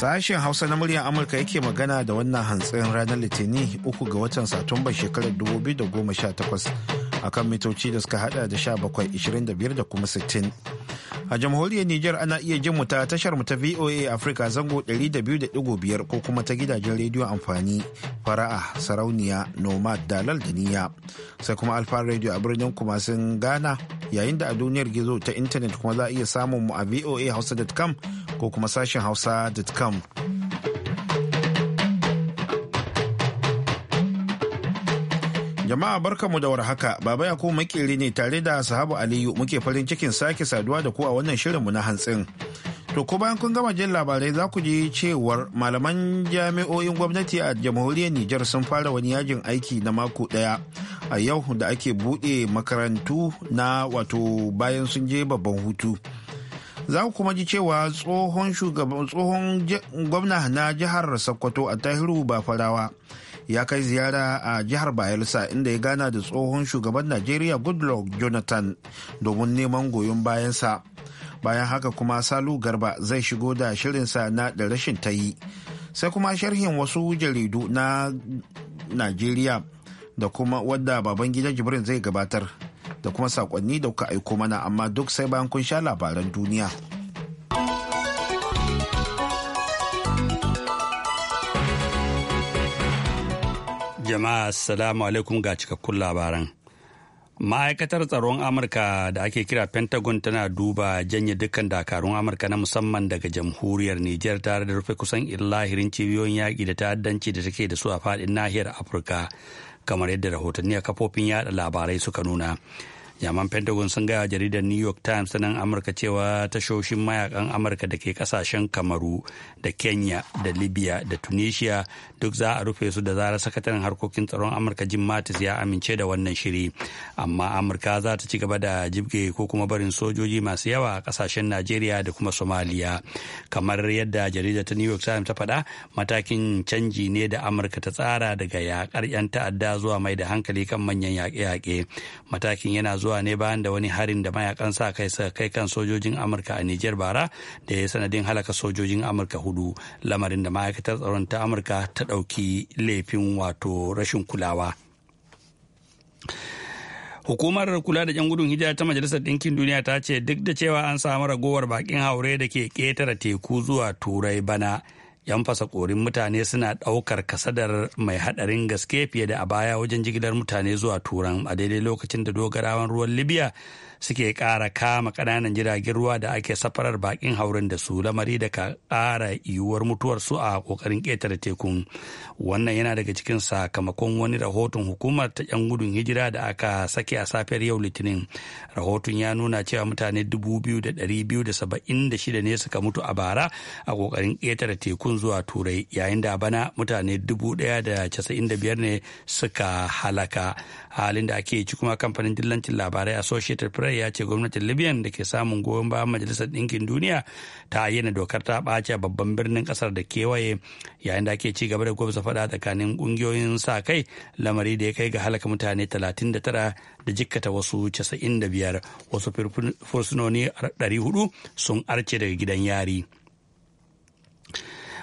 Sashen Hausa na muryar Amurka yake magana da wannan hantsin ranar Litinin uku ga watan Satumba shekarar 2018 akan mitoci da suka hada da 1725 da kuma 60. A jamhuriyar Nijar ana iya jin mu ta tashar mu ta VOA Africa zango 200.5 ko kuma ta gidajen rediyo amfani fara'a sarauniya nomad dalal da niyya sai kuma alfa radio a birnin kuma sun gana yayin da a duniyar gizo ta intanet kuma za a iya samun mu a voa hausa.com ko kuma sashen hausa.com Jama'a mu da warhaka, Baba Yakubu makeri ne tare da Sahabu Aliyu muke farin cikin sake saduwa da ku a wannan mu na hantsin. To ko bayan kun gama jin labarai za ku ji cewar malaman jami'o'in gwamnati a jamhuriyar Nijar sun fara wani yajin aiki na mako daya a yau da ake buɗe makarantu na wato bayan sun je babban hutu. za ku kuma ji cewa tsohon shugaban tsohon gwamna na jihar sokoto a tahiru ba farawa ya kai ziyara a jihar bayelsa inda ya gana da tsohon shugaban najeriya goodluck jonathan domin neman goyon bayansa bayan haka kuma salu garba zai shigo da shirinsa na da rashin ta yi sai kuma sharhin wasu jaridu na najeriya da kuma wadda baban gida jibrin zai gabatar da kuma sakonni da kuka aiko mana amma duk sai bayan kun sha labaran duniya. Jama'a salamu alaikum ga cikakkun labaran. Ma'aikatar tsaron Amurka da ake kira Pentagon tana duba janye dukkan dakarun Amurka na musamman daga jamhuriyar Nijar tare da rufe kusan illahirin cibiyoyin yaƙi da ta'addanci da take da su a faɗin nahiyar Afirka kamar yadda rahotanni a kafofin yada labarai suka nuna. jaman pentagon sun gaya jaridar new york times ta nan amurka cewa tashoshin mayakan amurka da ke kasashen kamaru da kenya da libya da tunisia duk za a rufe su da zarar sakataren harkokin tsaron amurka jim mattis ya amince da wannan shiri amma amurka za ta ci gaba da jibge ko kuma barin sojoji masu yawa a kasashen najeriya da kuma somaliya kamar yadda jaridar ta new york times ta faɗa matakin canji ne da amurka ta tsara daga yaƙar 'yan ta'adda zuwa mai da hankali kan manyan yaƙe-yaƙe matakin yana zuwa ne bayan da wani harin da mayakan sa kai suka kai kan sojojin amurka a niger bara da ya sanadin halaka sojojin amurka hudu lamarin da ma'aikatar tsaron ta amurka ta ɗauki laifin wato rashin kulawa Hukumar kula da 'yan gudun hijira ta Majalisar Ɗinkin Duniya ta ce duk da cewa an samu ragowar bakin haure da ke ƙetare teku zuwa Turai bana, yan fasa korin mutane suna daukar kasadar mai hadarin gaske fiye da a baya wajen jigilar mutane zuwa turan a daidai lokacin da dogarawan ruwan libya suke ƙara kama ƙananan jiragen ruwa da ake safarar bakin hauren da su lamari da ka ƙara yiwuwar mutuwar su a ƙoƙarin ƙetare tekun wannan yana daga cikin sakamakon wani rahoton hukumar ta 'yan gudun hijira da aka sake a safiyar yau litinin rahoton ya nuna cewa mutane 2,276 ne suka mutu a bara a ƙoƙarin ƙetare tekun zuwa turai yayin da bana mutane 1,095 ne suka halaka halin da ake ci kuma kamfanin dillancin labarai associated press ya ce gwamnatin Libyan da ke samun goyon bayan Majalisar Ɗinkin Duniya ta ayyana dokar ta ɓace a babban birnin ƙasar da kewaye yayin da ake ci gaba da gwamnati faɗa tsakanin ƙungiyoyin sa kai lamari da ya kai ga halaka mutane 39 da jikkata wasu 95 wasu fursunoni 400 sun arce daga gidan yari.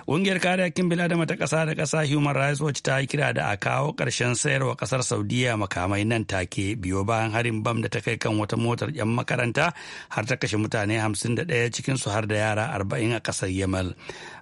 Ƙungiyar kare hakkin biladama ta ƙasa da ƙasa Human Rights Watch ta yi kira da a kawo ƙarshen sayarwa ƙasar Saudiya makamai nan take biyo bayan harin bam da ta kai kan wata motar 'yan makaranta har ta kashe mutane hamsin da 51 cikinsu har da yara arba'in a ƙasar Yamal.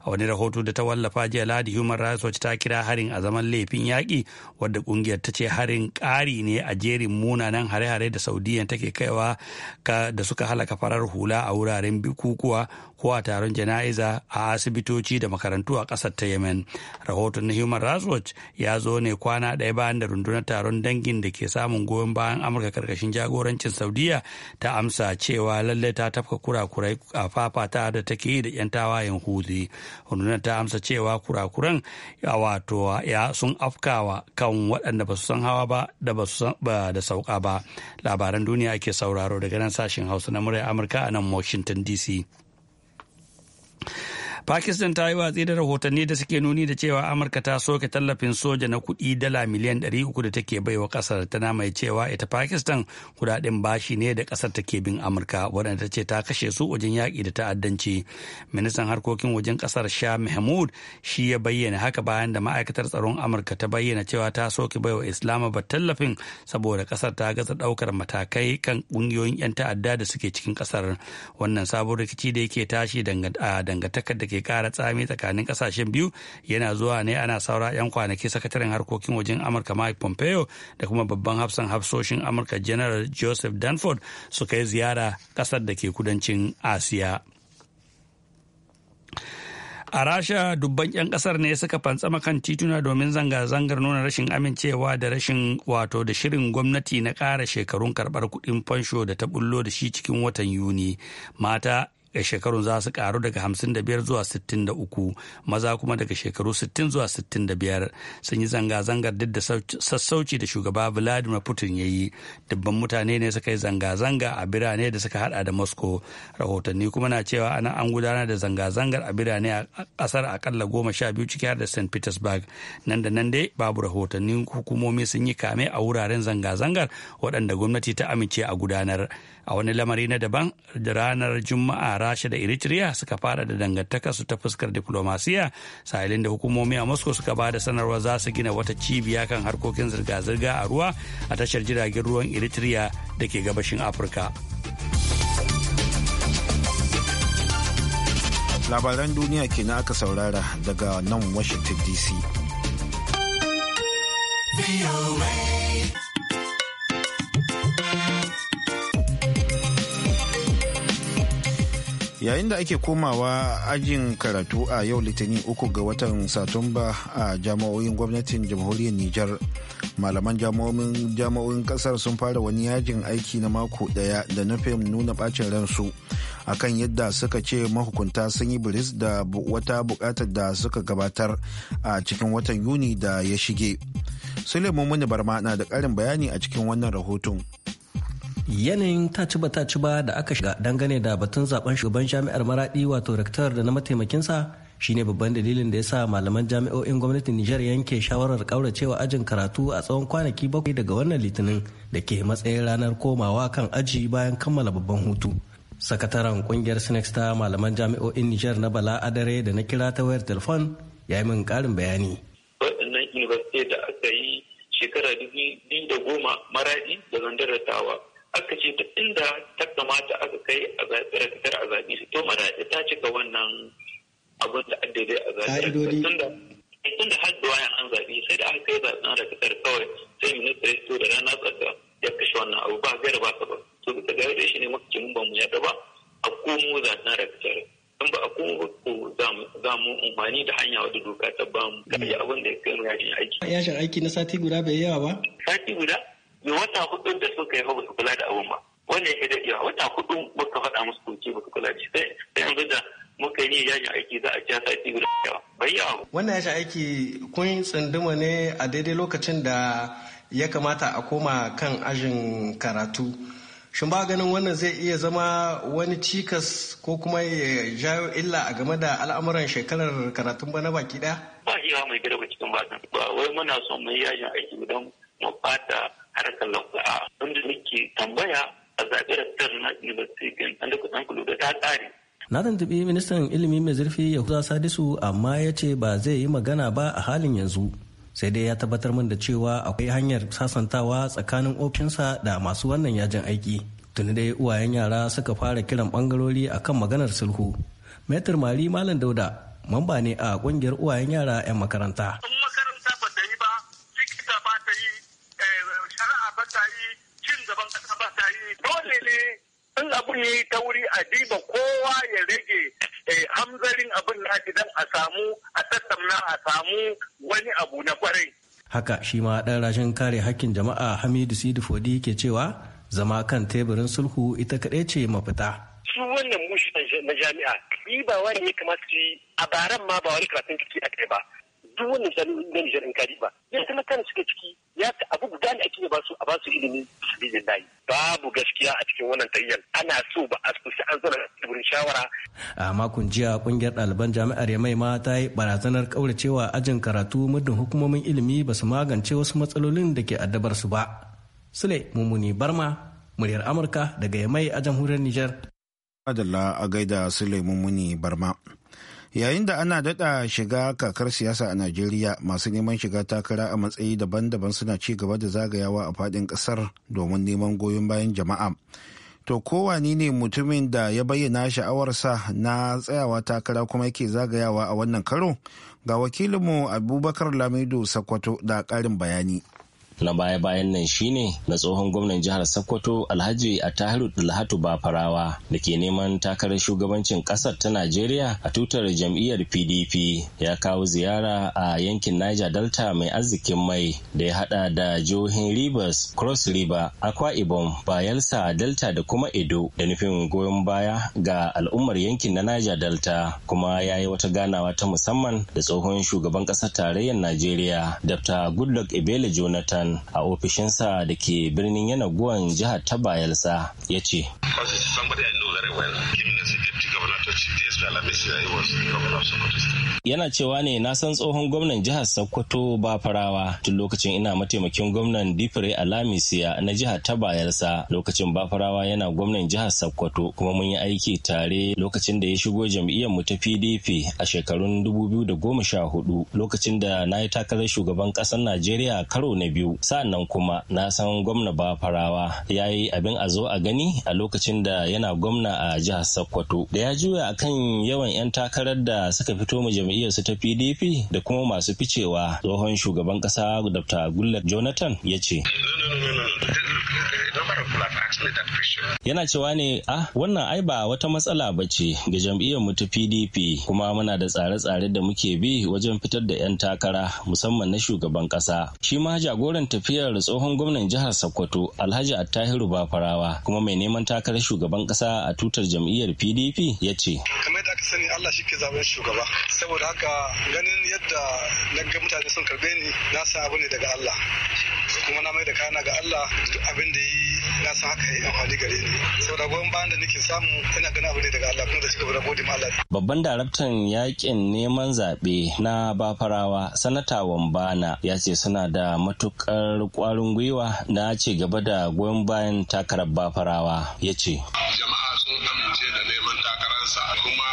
a wani rahoto da ta wallafa jiya ladi human rights watch ta kira harin a zaman laifin yaƙi wadda ƙungiyar ta ce harin ƙari ne a jerin munanan hare-hare da saudiyya take kaiwa da suka halaka farar hula a wuraren bukukuwa ko a taron jana'iza a asibitoci da makarantu a ƙasar ta yemen rahoton na human rights watch ya zo ne kwana ɗaya bayan da rundunar taron dangin da ke samun goyon bayan amurka karkashin jagorancin Saudiyya ta amsa cewa lallai ta tafka kurakurai a fafata da take da 'yan tawayen huzi hununa ta amsa cewa kurakuran a wato ya sun afkawa kan waɗanda ba su san hawa ba da ba su da sauka ba labaran duniya ake sauraro daga nan sashen hausa na murya amurka a nan washington dc Pakistan ta yi watsi da rahotanni da suke nuni da cewa Amurka ta soke tallafin soja na kuɗi dala miliyan 300 da take baiwa ƙasar tana mai cewa ita Pakistan kudaden bashi ne da ƙasar take bin Amurka waɗanda ce ta kashe su wajen yaƙi da ta'addanci. Ministan harkokin wajen ƙasar Shah Mahmud shi ya bayyana haka bayan da ma'aikatar tsaron Amurka ta bayyana cewa ta soke baiwa ba tallafin saboda ƙasar ta gaza ɗaukar matakai kan ƙungiyoyin 'yan ta'adda da suke cikin ƙasar. Wannan sabon rikici da yake tashi dangantakar da ke kara tsami tsakanin kasashen biyu yana zuwa ne ana saura 'yan kwanaki sakataren harkokin wajen amurka mike pompeo da kuma babban hafsan hafsoshin amurka general joseph danford su kai ziyara kasar da ke kudancin asiya A Rasha dubban 'yan kasar ne suka fantsama kan tituna domin zanga-zangar nuna rashin amincewa da rashin wato da shirin gwamnati na kara shekarun karbar kudin fansho da ta bullo da shi cikin watan Yuni. Mata a shekarun za su karu daga 55 zuwa 63 maza kuma daga shekaru 60 zuwa 65 sun yi zanga-zangar duk da sassauci da shugaba vladimir putin ya yi dubban mutane ne suka yi zanga-zanga a birane da suka hada da moscow rahotanni kuma na cewa ana an gudanar da zanga-zangar a birane a kasar akalla goma sha biyu ciki har da st petersburg nan da nan dai babu rahotannin hukumomi sun yi kame a wuraren zanga-zangar waɗanda gwamnati ta amince a gudanar a wani lamari na daban ranar juma'a rasha da eritrea suka fara da dangantaka su ta fuskar diplomasiya sahilin da hukumomi a moscow suka ba da sanarwa za su gina wata cibiya kan harkokin zirga-zirga a ruwa a tashar jiragen ruwan eritrea da ke gabashin afirka labaran duniya kenan aka saurara daga nan washington dc yayin da ake komawa ajin karatu a yau litinin uku ga watan satumba a jami'o'in gwamnatin jamhuriyar nijar malaman jami'o'in kasar sun fara wani yajin aiki na mako daya da nufin nuna bacin ransu akan yadda suka ce mahukunta sun yi biris da wata bukatar da suka gabatar a cikin watan yuni da ya shige suleiman muni barma na da karin bayani a cikin wannan rahoton yanayin ci ba da aka shiga dangane da batun zaben shugaban jami'ar maradi wato rektar da na mataimakinsa shine babban dalilin da ya sa malaman jami'o'in gwamnatin nijar yanke shawarar kauracewa ajin karatu a tsawon kwanaki bakwai daga wannan litinin da ke matsayin ranar komawa kan aji bayan kammala babban hutu sakataren kungiyar sinex ta malaman jami'o'in nijar na bala adare da na kira ta wayar telefon ya yi min karin bayani da aka yi shekara 2010 biyu da goma maraɗi da tawa aka ce da inda ta kamata aka kai a zaɓe a zaɓi su to mana ta cika wannan abin da an daidai a zaɓi tunda tunda har da wayan an zaɓi sai da aka kai zaɓen da fitar kawai sai minista ya to da rana tsaka ya kashe wannan abu ba gaira ba ba to bisa ga da shi ne muka ce mun ba mu yaɗa ba a komo zaɓen da fitar in ba a komo ko za mu umarni da hanya wadda doka ta ba mu ga abin da ya kai mu yashin aiki. Yajin aiki na sati guda bai yawa ba? Sati guda? me wata hudun da suka yi ba su kula da abun ba wannan ya daɗewa wata hudun muka faɗa musu kunci ba su kula da shi sai yanzu da muka yi yajin aiki za a ci sati guda yawa bai yawa. wannan yajin aiki kun tsunduma ne a daidai lokacin da ya kamata a koma kan ajin karatu shin ba ganin wannan zai iya zama wani cikas ko kuma ya jawo illa a game da al'amuran shekarar karatun bana baki ɗaya? ba shi mai gida cikin ba wai muna son mai yajin aiki don mu fata harkar lafiya wanda muke tambaya a zaɓe rastar na university kusan kulu da tsari. Na tuntuɓi ministan ilimi mai zurfi Yahuza Sadisu amma ya ce ba zai yi magana ba a halin yanzu. sai dai ya tabbatar min da cewa akwai hanyar sasantawa tsakanin ofishinsa da masu wannan yajin aiki tuni dai uwayen yara suka fara kiran bangarori a kan maganar sulhu metar mari malam dauda mamba ne a kungiyar uwayen yara 'yan makaranta dole in abin ya yi tauri a diba kowa ya rage eh, hamzarin abin na gidan a samu a tattauna a samu wani abu na kwarai. Haka shi ma ɗan rashin kare hakkin jama'a Hamidu Sidi Fodi ke cewa zama kan teburin sulhu ita kaɗai ce mafita. Su wannan mushi na jami'a, ni ba wani ya kamata a baran ma ba wani karatun kiki a kai ba. duk wannan shanu na Nijar in kari ba kuma kan suke ciki ya abu guda ne ake ba su a ba su ilimi da yi babu gaskiya a cikin wannan tayyan ana so ba a su an zana wurin shawara a makon jiya kungiyar ɗaliban jami'ar Yamai ma ta yi barazanar kauracewa ajin karatu muddin hukumomin ilimi ba su magance wasu matsalolin da ke addabar su ba Sule Mumuni Barma muryar Amurka daga Yamai a jamhuriyar Nijar Adalla a gaida Sule Mumuni Barma yayin da ana daɗa shiga kakar siyasa a najeriya masu neman shiga takara a matsayi daban-daban suna ci gaba da zagayawa a faɗin ƙasar domin neman goyon bayan jama'a to kowane ne mutumin da ya bayyana sha'awarsa na tsayawa takara kuma yake zagayawa a wannan karo ga wakilinmu abubakar lamido sakwato da ƙarin bayani na baya-bayan nan shine na tsohon gwamnan jihar sokoto alhaji attahiru dulhatu bafarawa da ke neman takarar shugabancin kasar ta najeriya a tutar jam'iyyar pdp ya kawo ziyara a yankin niger delta mai arzikin mai da ya hada da jihohin rivers cross river akwa ibom bayelsa delta da kuma edo da nufin goyon baya ga al'ummar yankin na niger delta kuma ya yi wata ganawa ta musamman da tsohon shugaban kasar tarayyar najeriya dr goodluck ebele jonathan Usman a ofishinsa da ke birnin Yanaguwan jihar ta Bayelsa ya ce. Yana cewa ne na san tsohon gwamnan jihar Sokoto ba farawa tun lokacin ina mataimakin gwamnan Difire Alamisiya na jihar ta Bayelsa lokacin ba farawa yana gwamnan jihar Sokoto kuma mun yi aiki tare lokacin da ya shigo jam'iyyar mu ta PDP a shekarun 2014 lokacin da na yi takarar shugaban ƙasar Najeriya karo na biyu sa'annan kuma na san gwamna ba farawa ya yi abin a zo a gani a lokacin da yana gwamna a jihar sokoto da ya juya a kan yawan 'yan takarar da suka fito mu jam'iyyar ta pdp da kuma masu ficewa tsohon shugaban kasa dr gullar jonathan ya ce that question. Yana cewa ne, ah, wannan ai ba wata matsala ba ce ga jam'iyyar mu ta PDP kuma muna da tsare-tsare da muke bi wajen fitar da 'yan takara musamman na shugaban kasa. Shi ma jagoran tafiyar tsohon gwamnan jihar Sokoto Alhaji Attahiru Bafarawa kuma mai neman takarar shugaban kasa a tutar jam'iyyar PDP ya ce. Kamar da aka sani Allah shi ke zaben shugaba saboda haka ganin yadda na ga mutane sun karbe ni na sa abu ne daga Allah kuma na mai da kana ga Allah duk abin da yi na sa haka yi amfani gare ni saboda goyon bayan da nake samu ina ganin abu ne daga Allah kuma da cigaba da gode Allah babban daraktan yakin neman zaɓe na bafarawa sanata wambana ya ce suna da matukar kwarin gwiwa na ci gaba da goyon bayan takarar bafarawa ya ce jama'a sun amince da neman takararsa kuma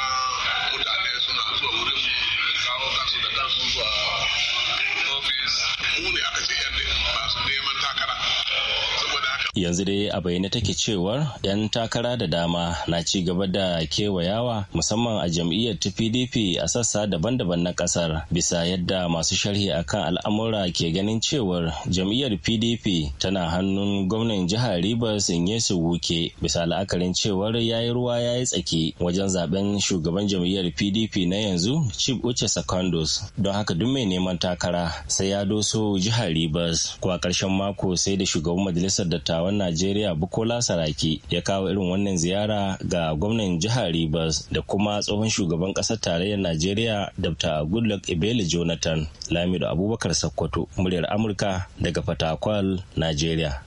yanzu dai a bayyane take cewar 'yan takara da dama na ci gaba da kewayawa musamman a jam'iyyar ta pdp a sassa daban-daban na kasar bisa yadda masu sharhi akan al'amura ke ganin cewar jam'iyyar pdp tana hannun gwamnan jihar rivers yesu wuke bisa la'akarin cewar ya yi ruwa ya yi tsaki wajen zaben shugaban jam'iyyar pdp na yanzu chief uche secondos don haka duk mai neman takara sai ya doso jihar Ribas. ko a ƙarshen mako sai da shugaban majalisar dattawa dattawan Najeriya Bukola Saraki ya kawo irin wannan ziyara ga gwamnan jihar Rivers da kuma tsohon shugaban ƙasar tarayyar Najeriya Dr. Goodluck Ebele Jonathan Lamido Abubakar Sokoto muryar Amurka daga Fatakwal, Najeriya.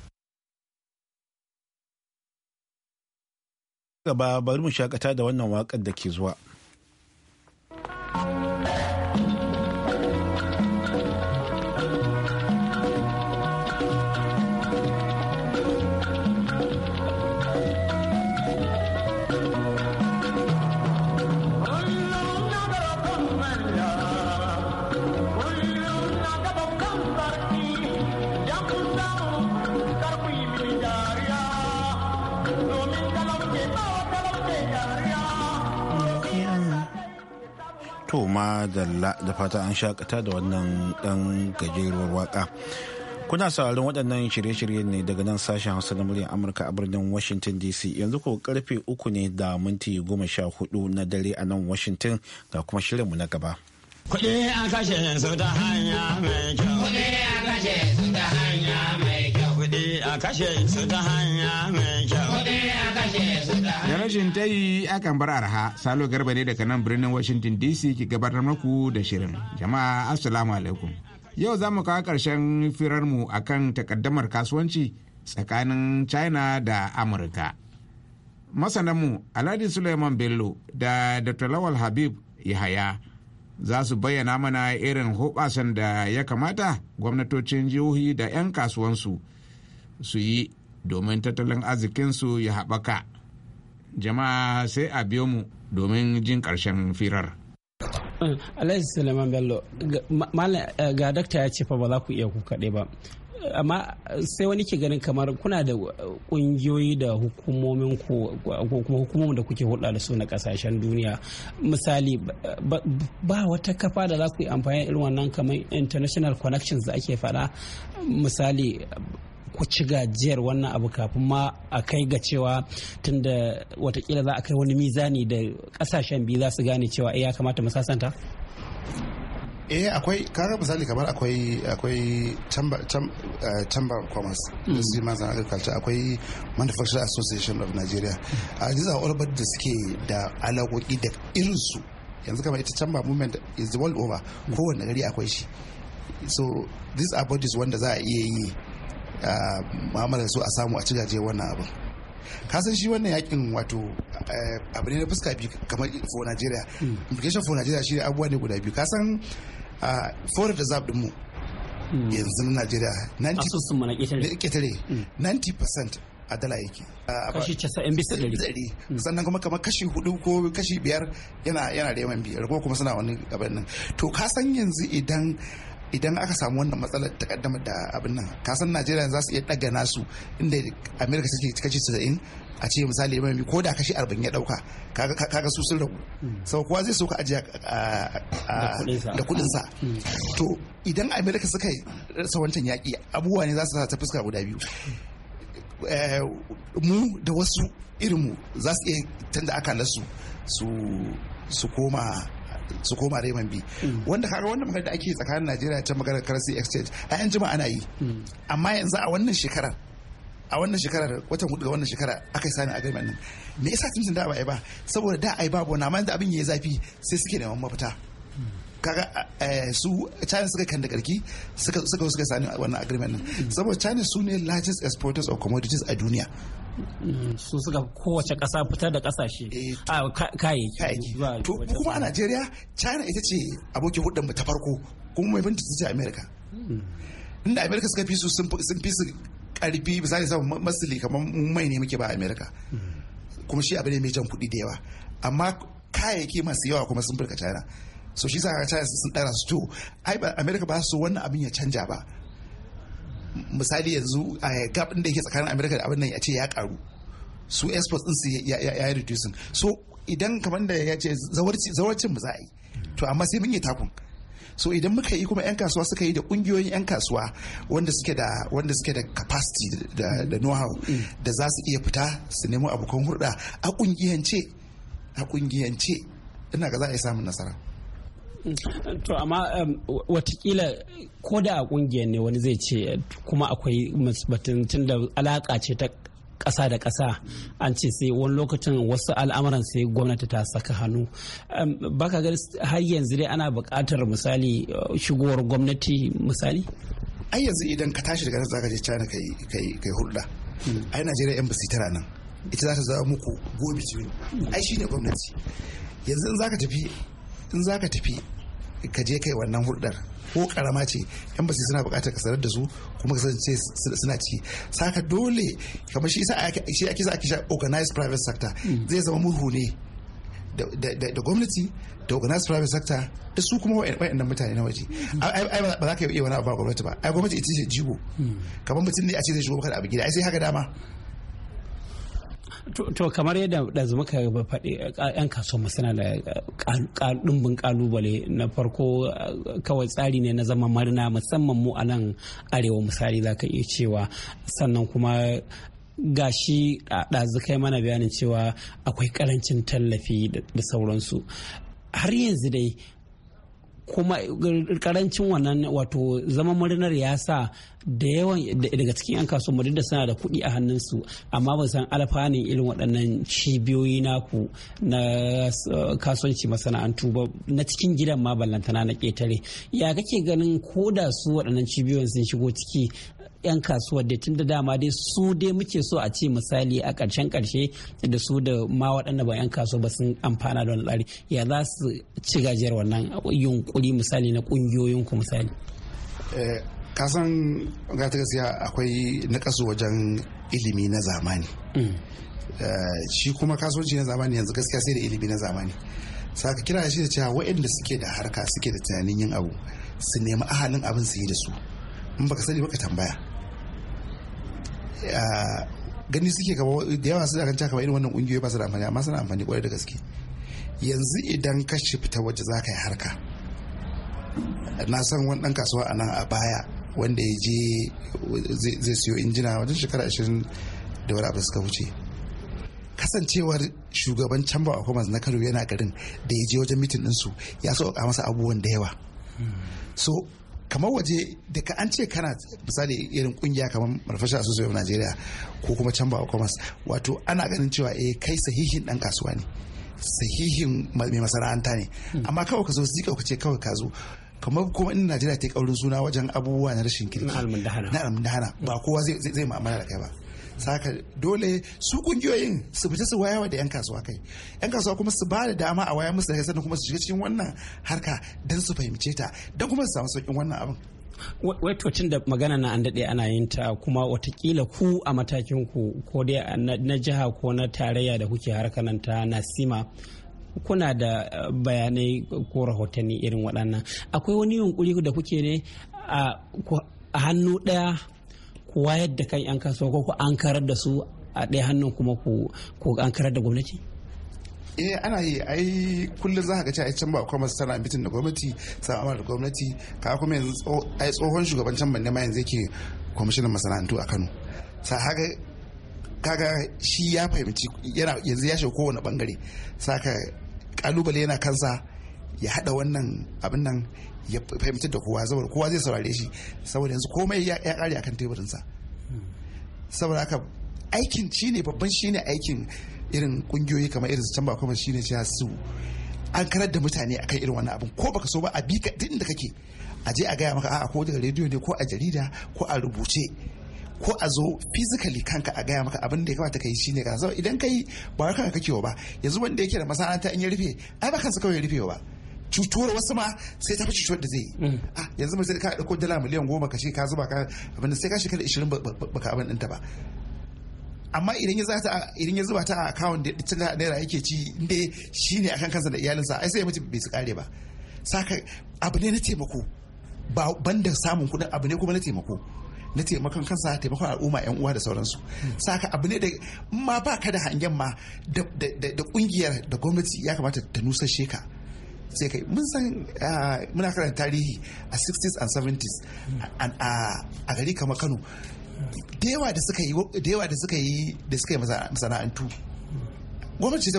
Gaba bari mu shakata da wannan waƙar da ke zuwa. to ma da fata an shakata da wannan dan gajeruwar waka kuna sauraron waɗannan shirye shirye ne daga nan sashen hausa na muryar amurka a birnin washington dc yanzu ko karfe uku ne da minti goma sha hudu na dare a nan washington ga kuma shirinmu na gaba kuɗi a kashe su ta hanya mai kyau kuɗi a kashe su ta hanya kashe su ta hanya mai kyau. Da rashin ta yi akan bar arha, Salo Garba ne daga nan birnin Washington DC ke gabatar maku da shirin. Jama'a Assalamu alaikum. Yau za mu kawo ƙarshen firarmu a kan takaddamar kasuwanci tsakanin China da Amurka. Masananmu Alhaji Suleiman Bello da Dr. Lawal Habib Yahaya za su bayyana mana irin hoɓasan da ya kamata gwamnatocin jihohi da 'yan kasuwansu. su yi domin tattalin arzikinsu ya haɓaka jama'a sai a biyo mu domin jin ƙarshen firar Alayhi suleiman bello eh, ga dakta ya ce fa ba za ku iya ku kaɗai ba amma sai wani ke ganin kamar kuna da ƙungiyoyi da hukumomin ko kuma hukumomin da kuke hulɗa da su na ƙasashen duniya misali ba wata kafa da za ku yi amfani irin wannan kamar international connections da ake faɗa misali ku ci gajiyar wannan abu kafin ma a kai ga cewa tunda watakila za a kai wani mizani da kasashen biyu za su gane cewa eh, ya kamata mu sasanta eh akwai kaga misali kamar akwai akwai chamber eh, of commerce da su ma zan agriculture akwai manufacturer association of nigeria hmm. a these are all da suke da alaƙoƙi da irinsu yanzu kama ita chamber movement is the world over kowane gari akwai shi so these are bodies wanda za a iya yi mu'amala su a samu a ci gaje wannan abin kasan shi wannan yakin wato eh, abu ne na fuska biyu kamar for Nigeria hmm. implication for Nigeria shi abubuwa ne guda biyu kasan for the din mu hmm. yanzu na nigeria 90% hmm. a dala yake kashi 90 bisa dari sannan kuma kamar kashi hudu ko kashi biyar yana da yawan biyar ko kuma suna wani gaban nan to kasan yanzu idan idan aka samu wannan matsalar ta kaddama da abin nan kasan najeriya za su iya daga nasu inda amerika suke kashi 90 a ce misali imami ko da kashi 40 ya dauka kaga su sun ragu mm. sau kowa zai soka ajiya da kudinsa mm. to idan amerika suka yi wancan yaƙi abubuwa ne za su ta fuska guda biyu eh, mu da wasu irinmu za su iya canza akalarsu su koma su koma reman bi wanda kaga wannan magana da ake tsakanin najeriya ta maganar currency exchange a yan jima ana yi amma yanzu a wannan shekarar a wannan shekarar watan hudu ga wannan shekara aka yi sami agreement nan me yasa tun da ba ai ba saboda da ai babu na amma da abin yayi zafi sai suke neman mafita kaga eh, su china suka kan da karki suka suka sani wannan agreement nan saboda china su ne largest exporters of commodities a duniya su suka kowace kasa fitar da kasashe eh, ah, kayayyaki to kuma a Najeriya China ita ce abokin hudun ta farko kuma mai binta ce America hmm. inda America suka fi su sun fi su karfi misali samun masali kamar mai ne muke ba America hmm. kuma shi abu ne mai jan kuɗi da yawa amma kayayyaki masu yawa kuma sun firka China so shi sa China sun dara su to ai America ba su wannan abin ya canja ba misali yanzu a gabin da yake tsakanin Amurka da abin nan ya ce ya karu su exports din su ya yi reducing so idan kamar da ya ce zawarcin mu za a yi to amma sai mun yi takun so idan muka yi kuma 'yan kasuwa suka yi da kungiyoyin 'yan kasuwa wanda suke da wanda suke da capacity da da know-how da za su iya fita su nemo abokan hulɗa a kungiyance a kungiyance ina ga za a yi samun nasara to amma watakila ko da a kungiyar ne wani zai ce kuma akwai batun tun da alaka ce ta kasa da kasa. an ce sai wani lokacin wasu al'amuran sai gwamnati ta saka hannu baka ga har yanzu dai ana buƙatar misali eh, shigowar gwamnati misali ai yanzu idan ka tashi daga nan zaka je China kai kai hulɗa hmm. ai Najeriya embassy tana nan ita za ta zama muku gobe ce ai shine gwamnati yanzu in zaka tafi in za ka tafi ka je kai wannan hulɗar ko karama ce yan basi suna buƙatar ka sanar da su kuma ka ce suna ciki saka dole kamar shi shi ake sa ake sha organized private sector hmm. zai zama murhu ne da gwamnati da organized private sector da su kuma waɗannan mutane na waje hmm. ai ba za ka yi wani abu ba gwamnati ba ai gwamnati ita ce jigo hmm. kamar mutum ne a ce zai shigo ka da abu gida ai sai haka dama to kamar yadda ɗazu muka faɗi yan kasuwa suna da ɗumbin ƙalubale na farko kawai tsari ne na zama marina musamman mu a nan arewa misali za ka iya cewa sannan kuma gashi ɗazu kai mana bayanin cewa akwai ƙarancin tallafi da sauransu har yanzu dai kuma karancin wannan wato zaman murnar ya sa da yawan daga cikin 'yan kasuwa duk da suna da kuɗi a hannunsu amma ba san alfanin irin waɗannan cibiyoyi naku na kasuwanci masana'antu ba na cikin gidan ma ballantana na ƙetare ya kake ganin ko da su waɗannan cibiyoyin sun shigo ciki 'yan kasuwar da tun da dama dai su dai muke so a ce misali a ƙarshen ƙarshe da su da ma waɗanda ba 'yan kasuwa ba sun amfana da wani tsari ya za su ci gajiyar wannan yunkuri misali na ku misali. Eh, kasan gata gaskiya akwai nakasu wajen ilimi na zamani mm. eh, shi kuma kasuwanci na zamani yanzu gaskiya sai da ilimi na zamani saka kira shi da cewa waɗanda suke da harka suke da tunanin yin abu su nemi ahalin abin su yi da su in baka sani baka tambaya gani suke gaba da yawa suna kan caka irin wannan kungiyoyi ba su da amfani amma suna amfani kwarai da gaske yanzu idan ka shi fita waje za ka yi harka na san wani dan kasuwa a nan a baya wanda ya je zai siyo injina wajen shekara ashirin da wani abu suka wuce kasancewar shugaban chamber of commerce na kano yana garin da ya je wajen mitin ɗinsu ya sauƙa masa abubuwan da yawa so kamar waje daga an ce kana misali irin kungiya kamar Marfasha Association of Nigeria ko kuma Chamber of Commerce wato ana ganin cewa eh kai sahihin dan kasuwa ne sahihin mai masana'anta ne hmm. amma kawai ka zo zika ka ce kawai ka zo kamar kuma in Najeriya ta yi kaurin suna wajen abubuwa na rashin kirki na almundahana ba kowa zai ma'amala da kai ba saka dole su kungiyoyin su fita su wayawa da yan kasuwa kai yan kasuwa kuma su ba da dama a waya musu da kai sannan kuma su shiga cikin wannan harka don su fahimce ta don kuma su samu sauƙin wannan abin waitocin da magana na an daɗe ana yin ta kuma watakila ku a matakin ku ko dai na jiha ko na tarayya da kuke harkanan ta nasima kuna da eh, bayanai ko rahotanni irin waɗannan akwai wani yunkuri da kuke ne a hannu ɗaya wayar da kan 'yan kasuwa ko ku an karar da su a ɗaya hannun kuma ku an karar da gwamnati eh ana yi ai kullum za ka ga cewa can ba commerce tana bitin da gwamnati sama da gwamnati ka kuma yanzu ai tsohon shugaban can banne ma yanzu yake kwamishinan masana'antu a Kano sa haka kaga shi ya fahimci yana yanzu ya shiga kowane bangare ka kalubale yana kansa ya haɗa wannan abin nan ya fahimtar da kowa saboda kowa zai saurare shi saboda yanzu komai ya ƙare akan teburinsa saboda haka aikin shi ne babban shi ne aikin irin kungiyoyi kamar irin su can ba kuma shi ne su an karar da mutane akan irin wannan abin ko baka so ba a bi ka duk inda kake a je a gaya maka a'a ko daga rediyo ne ko a jarida ko a rubuce ko a zo physically kanka a gaya maka abin da ya kamata kai shine ka idan kai ba kanka kake ba yanzu wanda yake da masana'anta in ya rufe ai ba kansa kawai ya rufe ba cutuwar wasu ma sai ta fi cutuwar da zai yi mm. ah, yanzu mai sai ka dauko dala miliyan goma ka ka zuba ka abinda sai ka shekara 20 baka abin ɗinta ba amma idan ya zata idan ya zuba ta a akawun da ta naira yake ci inda a akan kansa da iyalinsa ai sai ya mace bai su kare ba saka abu ne na taimako ba banda samun kuɗin abu ne kuma na taimako na taimakon kansa taimakon al'umma yan uwa da sauransu mm. saka abu ne da ma ba ka da hangen ma da kungiyar da gwamnati ya kamata ta nusa sheka. sai kai mun san ah, muna karanta tarihi a 60s and 70s ah, a gari kamar kano da yawa da suka yi da suka yi masana'antu gwamnati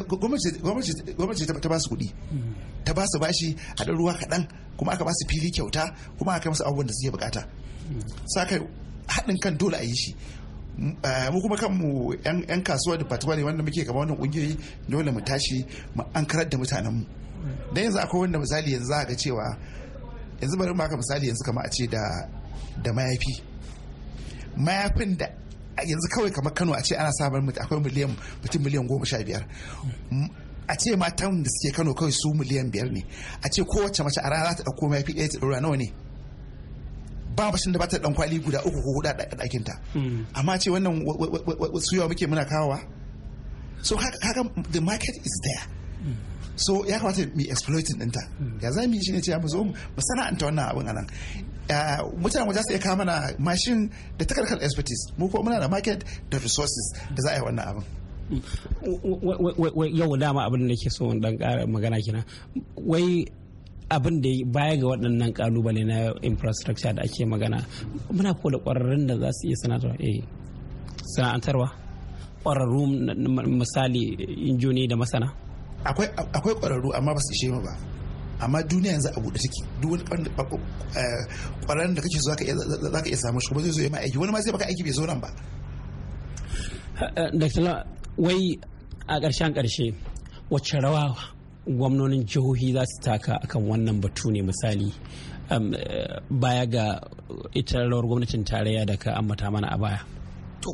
ta ba su kuɗi ta ba su bashi a ɗan ruwa kaɗan kuma aka ba su fili kyauta kuma aka masu abubuwan da suke bukata saka haɗin kan dole a yi shi mm, ah, mu kuma kanmu 'yan kasuwa da patuwa ne wanda muke kama wannan ƙungiyoyi dole mu tashi mu an karar da mutanenmu dan yanzu akwai wanda misali yanzu za ga cewa yanzu bari maka misali yanzu kama a ce da mayafi mayafin da yanzu kawai kamar Kano a ce ana samar akwai miliyan mutum miliyan goma sha biyar a ce matan da suke Kano kawai su miliyan biyar ne a ce kowace mace a rana za ta ɗauko mayafi ɗaya ta ɗora nawa ne ba bashin da ba ta ɗan kwali guda uku ko huɗu a ɗakin ta hmm. amma ce wannan wasu yawa muke muna kawowa so haka the market is there hmm. so ya kamata mu exploiting ɗinta ya za mu yi shi ne ce ya zo mu sana'anta wannan abin anan mutane wajen su iya kama na mashin da takarkar expertise mu ko muna da market da resources da za a yi wannan abin yau dama abin da ke so dan kara magana kina wai abin da baya ga waɗannan kalubale na infrastructure da ake magana muna kula ƙwararrun da za su iya eh, sana'antarwa kwararru misali injoni da masana akwai ƙwararru amma ba su ishe mu ba amma duniya yanzu a buɗe take duk wani eh, ƙwararren da kake so za ka iya samu shi ba zai zo ya ma aiki wani ma zai baka aiki bai zo nan ba eh, Dr. wai a ƙarshen ƙarshe wacce rawa gwamnonin jihohi za su taka akan wannan batu ne misali um, eh, baya ga ita rawar gwamnatin tarayya da ka ambata mana a baya to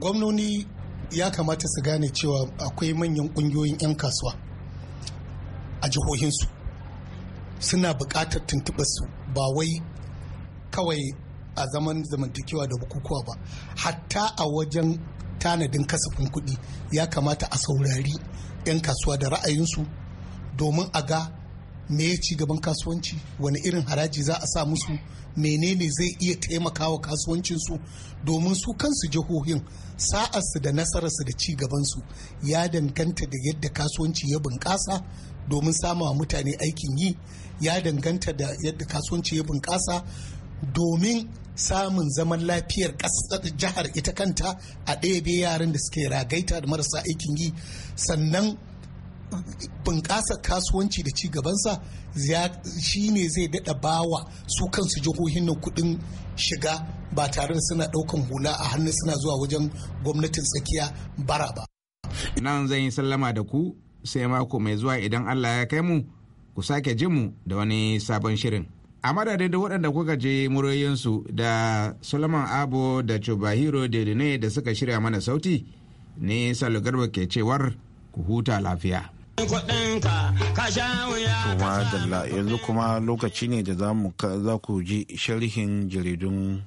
gwamnoni ya kamata su gane cewa akwai manyan ƙungiyoyin 'yan kasuwa a jihohinsu suna buƙatar tuntuɓarsu ba wai kawai a zaman zamantakewa da bukukuwa ba hatta a wajen tanadin kasafin kuɗi ya kamata a saurari 'yan kasuwa da ra'ayinsu domin a ga me ya ci gaban kasuwanci wani irin haraji za a sa musu menene zai iya taimakawa kasuwancinsu domin su kansu jihohin sa'arsu da nasararsu da ci gabansu ya danganta da yadda kasuwanci ya bunƙasa domin samawa mutane aikin yi ya danganta da yadda kasuwanci ya bunƙasa domin samun zaman lafiyar jihar ita kanta a ɗebe yaran da suke ragaita da marasa aikin yi sannan bunƙasa kasuwanci da cigabansa shi ne zai daɗa bawa su kansu jihohin na kuɗin shiga ba tare da suna ɗaukan hula a hannun suna zuwa wajen gwamnatin tsakiya bara ba. Nan zan yi sallama da ku sai mako mai zuwa idan Allah ya kai mu ku sake jin mu da wani sabon shirin. A madadin da waɗanda kuka je muryoyinsu da Solomon Abo da Chubahiro Deline da suka shirya mana sauti ne Salo Garba ke cewar ku huta lafiya. kuma dalla yanzu kuma lokaci ne da za ku ji sharhin jaridun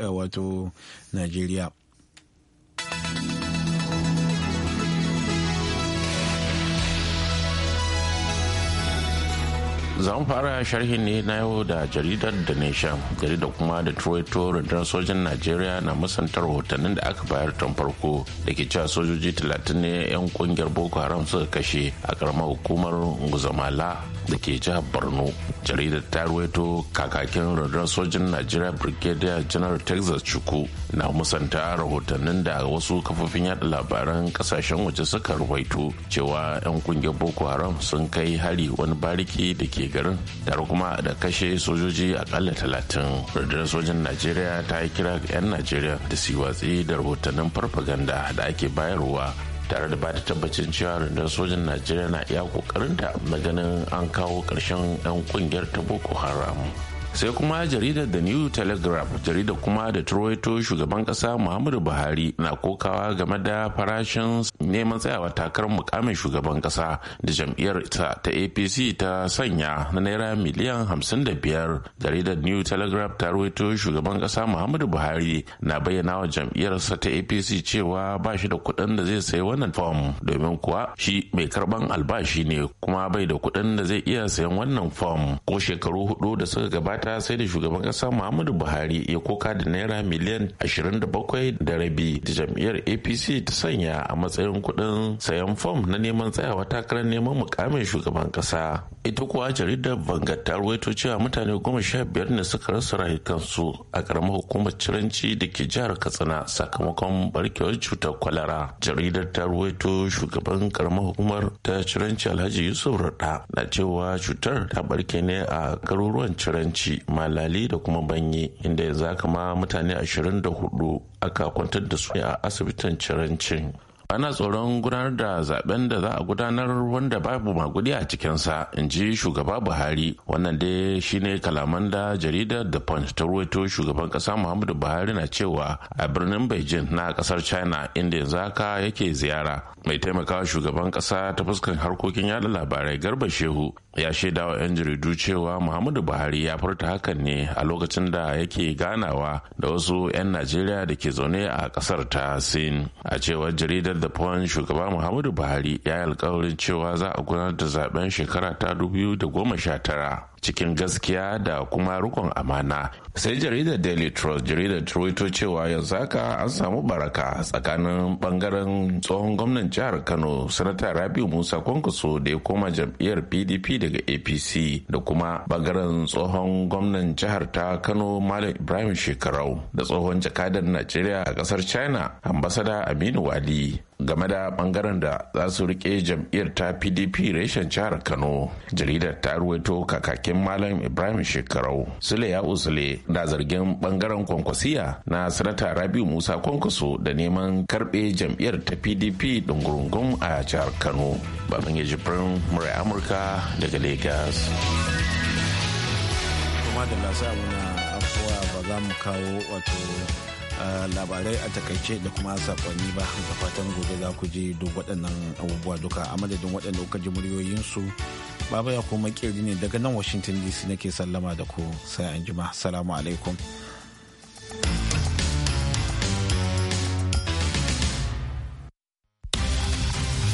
eh, wato najeriya za fara sharhin ne na yau da jaridar da nation jaridar kuma da troito rundunar sojan nigeria na musanta rahotannin da aka bayar tun farko da ke cewa sojoji talatin ne 'yan kungiyar boko haram suka kashe a karamar hukumar guzamala da ke jihar borno jaridar ta ruwaito kakakin rundunar sojan nigeria brigadier general texas chuku na musanta rahotannin da wasu kafofin yada labaran kasashen waje suka ruwaito cewa 'yan kungiyar boko haram sun kai hari wani bariki da ke garin tare kuma da kashe sojoji akalla talatin rundunar sojan najeriya ta yi kira ga 'yan najeriya da su watsi da rahotannin farfaganda da ake bayarwa tare da da tabbacin cewa rundunar sojan najeriya na iya kokarin da maganin an kawo ƙarshen 'yan kungiyar ta boko haram sai kuma jaridar the new telegraph jaridar kuma da troito shugaban kasa muhammadu buhari na kokawa game da farashin neman tsayawa takarar mukamin shugaban kasa da jam'iyyar ta apc ta sanya na naira miliyan 55 jaridar new telegraph ta ruwaito shugaban kasa muhammadu buhari na bayyana wa jam'iyyarsa ta apc cewa ba shi da kuɗin da zai sayi wannan fom domin kuwa shi mai karban albashi ne kuma bai da kuɗin da zai iya sayan wannan fom ko shekaru hudu da suka gabata ta sai da shugaban kasa muhammadu buhari ya koka da naira miliyan 27 da rabi da jam'iyyar apc ta sanya a matsayin kuɗin sayan fom na neman tsayawa takarar neman mukamin shugaban kasa ita kuwa jaridar bangar ta ruwaito cewa mutane goma sha biyar ne suka rasa rayukansu a karamar hukumar ciranci da ke jihar katsina sakamakon barkewar cutar kwalara jaridar ta ruwaito shugaban karamar hukumar ta ciranci alhaji yusuf rada na cewa cutar ta barke ne a garuruwan ciranci Malali da kuma Banye inda yanzu haka ma mutane 24 aka kwantar da su a asibitin Cirancin. ana tsoron gudanar da zaben da za a gudanar wanda babu magudi a cikinsa in ji shugaba buhari wannan dai shine kalaman da jaridar the punch ta ruwaito shugaban ƙasa muhammadu buhari na cewa a birnin beijing na ƙasar china inda yanzu haka yake ziyara mai taimakawa shugaban ƙasa ta fuskar harkokin yada labarai garba shehu ya shaida wa 'yan jaridu cewa muhammadu buhari ya furta hakan ne a lokacin da yake ganawa da wasu 'yan najeriya da ke zaune a kasar ta sin a cewar jaridar the punch shugaba muhammadu buhari ya yi alkawarin cewa za a gudanar da zaben shekara ta 2019 cikin gaskiya da kuma rikon amana sai jaridar daily trust jaridar ruwaito cewa yanzu haka an samu baraka tsakanin bangaren tsohon gwamnan jihar kano sanata rabiu musa kwankwaso da ya koma jam'iyyar pdp daga apc da kuma bangaren tsohon gwamnan jihar ta kano malam ibrahim shekarau da tsohon jakadar najeriya a kasar china ambasada aminu wali game da bangaren da za su rike jam'iyyar ta pdp reshen jihar kano jaridar ta ruwaito kakakin malam ibrahim shekarau sule ya usule da zargin bangaren kwankwasiya na sanata rabiu musa kwankwaso da neman karbe jam'iyyar ta pdp dungurungun a jihar kano babin ya jibrin murai amurka daga lagos kuma da afuwa ba za mu kawo wato labarai a takaice da kuma sakonni ba da fatan gobe za ku je duk waɗannan abubuwa duka a madadin waɗanda kuka ji muryoyinsu baba ya kuma kiri ne daga nan washington dc nake sallama da ku sai an jima salamu alaikum